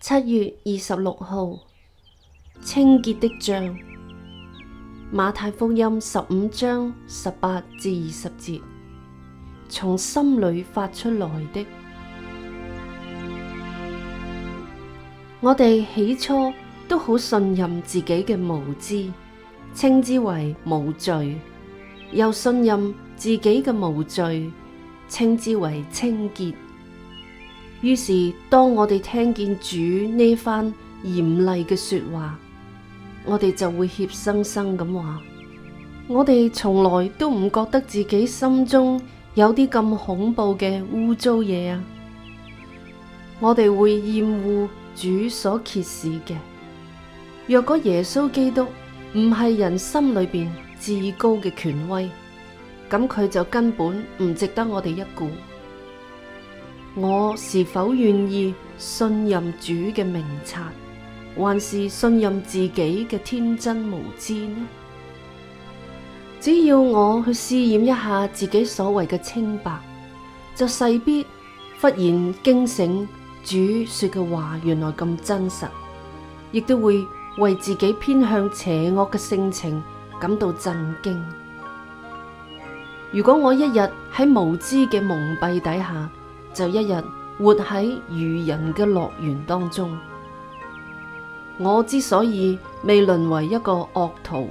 七月二十六號，清潔的像馬太福音十五章十八至二十節，從心裏發出來的。我哋起初都好信任自己嘅無知，稱之為無罪；又信任自己嘅無罪，稱之為清潔。於是，當我哋聽見主呢番嚴厲嘅說話，我哋就會怯生生咁話：我哋從來都唔覺得自己心中有啲咁恐怖嘅污糟嘢啊！我哋會厭惡主所揭示嘅。若果耶穌基督唔係人心裏邊至高嘅權威，咁佢就根本唔值得我哋一顧。我是否願意信任主嘅明察，還是信任自己嘅天真無知呢？只要我去試驗一下自己所謂嘅清白，就勢必忽然驚醒，主說嘅話原來咁真實，亦都會為自己偏向邪惡嘅性情感到震驚。如果我一日喺無知嘅蒙蔽底下，就一日活喺愚人嘅樂園當中，我之所以未淪為一個惡徒，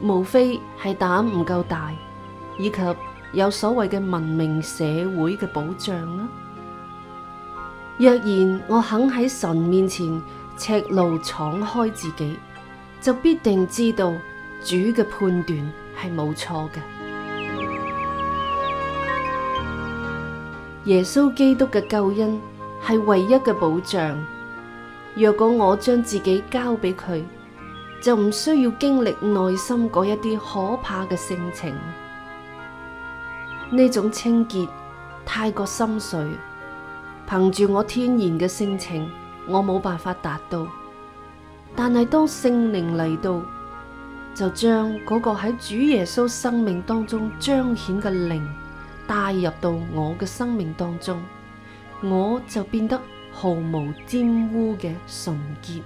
無非係膽唔夠大，以及有所謂嘅文明社會嘅保障啦。若然我肯喺神面前赤露敞開自己，就必定知道主嘅判斷係冇錯嘅。耶穌基督嘅救恩係唯一嘅保障。若果我將自己交俾佢，就唔需要經歷內心嗰一啲可怕嘅性情。呢種清潔太過深水，憑住我天然嘅性情，我冇辦法達到。但係當聖靈嚟到，就將嗰個喺主耶穌生命當中彰顯嘅靈。帶入到我嘅生命當中，我就變得毫無沾污嘅純潔。